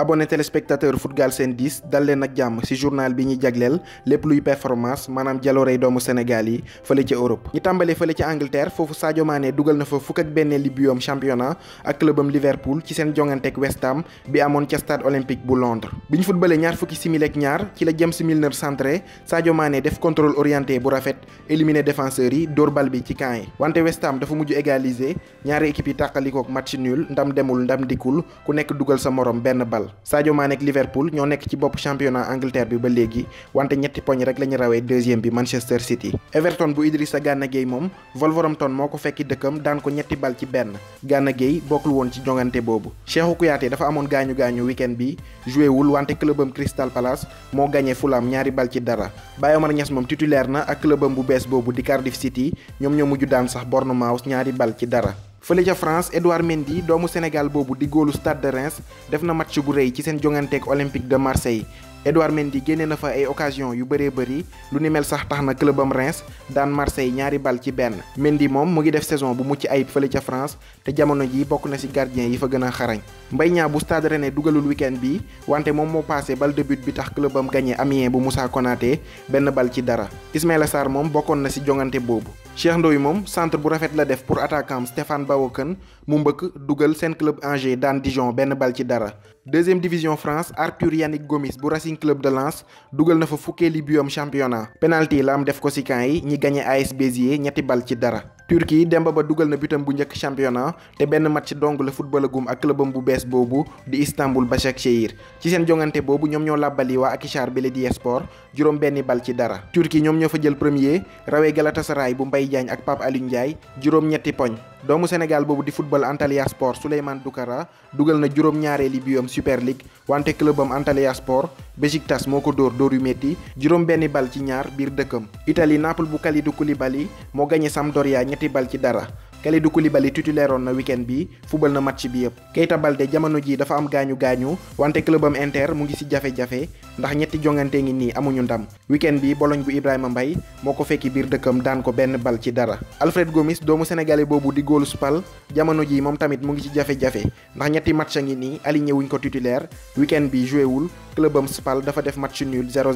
abonné téléspectateur footgal seen 10 dal leen ak jàmm ci journal bi ñuy jagleel lépp luy performance maanaam jaloorey doomu Sénégal yi fële ca Europe. ñu tàmbalee fële ca Angleterre foofu Sadio Mané dugal na fa fukk ak benn libiyoom championnat ak clubam Liverpool ci seen jonganteeg West Ham bi amoon ca stade olympique bu Londres. bi ñu futbalee ñaar fukki simili ak ñaar ci la James Milner centré Sadio Mané def contrôle orienté bu rafet éliminer défenseurs yi dóor bal bi ci camp yi wante West Ham dafa mujj égaliser ñaari équipe yi tàqalikook match nul ndam demul ndam dikul ku nekk dugal sa morom benn bal. Fall Sadio Mané ak Liverpool ñoo nekk ci bopp championnat Angleterre bi ba léegi wante ñetti poñ rek la ñu rawee deuxième bi Manchester City. Everton bu Idrissa Gana Gueye moom Wolverhampton moo ko fekki dëkkam daan ko ñetti bal ci benn Gana Gueye bokkul woon ci jongante boobu Cheikhou Kouyaté dafa amoon gaañu gaañu weekend bi joué wul wante clubam Crystal Palace moo gagné Fulham ñaari bal ci dara Baye Omar Niass moom titulaire na ak clubam bu bees boobu di Cardiff City ñoom ñoo mujj daan sax Bournemouth ñaari bal ci dara. fële ca France Edouard Mendy doomu Sénégal boobu di góolu Stade de Reims def na match bu rëy ci seen jonganteeg Olympique de Marseille Edouard Mendy génne na fa ay occasion yu bëree bëri lu ni mel sax tax na clubam Reims daan Marseille ñaari bal ci benn Mendy moom mu ngi def saison bu mucc ayib fële ca France te jamono ji bokk na ci gardien yi fa gën a xarañ mbay Niang bu Stade Rennais dugalul week-end bi wante moom moo passé bal de bi tax clubam gagné Amiens bu Moussa Konaté benn bal ci dara Ismaïla Sarr moom bokkoon na ci jongante boobu Cheikh Ndoye moom centre bu rafet la def pour attaquant Stéphane Bawokan mu mbëkk dugal seen club Angers daan Dijon benn bal ci dara. deuxième division France Arthur Yannick Gomis bu Racing Club de lance dugal na fa fukkeeli biyom championnat penalty la am def ko si camp yi ñi gagné AS Béziers ñetti bal ci dara. Turquie Demba Ba dugal na bitam bu njëkk championnat te benn mat match dong la football agum ak clubam bu bees boobu di Istanbul Başakşehir ci seen jongante boobu ñoom ñoo làbbali waa Akhisar Belediyespor juróom benni bal ci dara Turquie ñoom ñoo fa jël premier rawee Galatasaray bu mbay jaañ ak Pape Alioune Ndiaye juróom ñetti poñ doomu Sénégal boobu di football Antalya Sport Souleymane Doukara dugal na juróom-ñaareeli biyam Super League wante clubam Antalya Sport Besiktas moo ko dóor dóor yu métti juróom benni bal ci ñaar biir dëkkam. Italie Naples bu Kalidou bali moo gagné Sampdoria ñetti bal ci dara. Kalidou Koulibaly titulaire woon na weekend bi fubal na match bi yëpp Keita Balde jamono ji dafa am gaañu gaañu wante clubam Inter mu ngi ci jafe-jafe ndax ñetti jongante ngi nii amuñu ndam weekend bi Bologne bu Ibrahima Mbaye moo ko fekki biir dëkkam daan ko benn bal ci dara Alfred Gomis doomu sénégalais boobu di góolu Spal jamono ji moom tamit mu ngi ci jafe-jafe ndax ñetti match a ngi nii aligné wuñ ko titulaire weekend bi joué wul clubam Spal dafa def match nul 0-0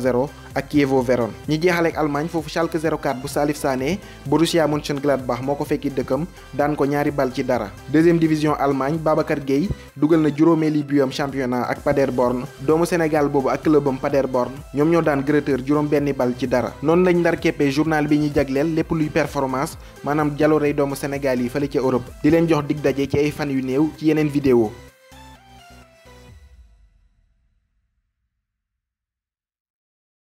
ak Kievo Veron ñi jeexaleek Allemagne foofu Schalke 04 bu Salif Sané Borussia Mönchengladbach moo ko fekki dëkkam daan ko ñaari bal ci dara deuxième division Allemagne Babacar Gueye dugal na juróomeeli buyam championnat ak Paderborn doomu Sénégal boobu ak clubam Paderborn ñoom ñoo daan Greuther juróom benni bal ci dara noonu lañ ndar keppee journal bi ñuy jagleel lépp luy performance maanaam rey doomu Sénégal yi fële ca Europe di leen jox dig daje ci ay fan yu néew ci yeneen vidéo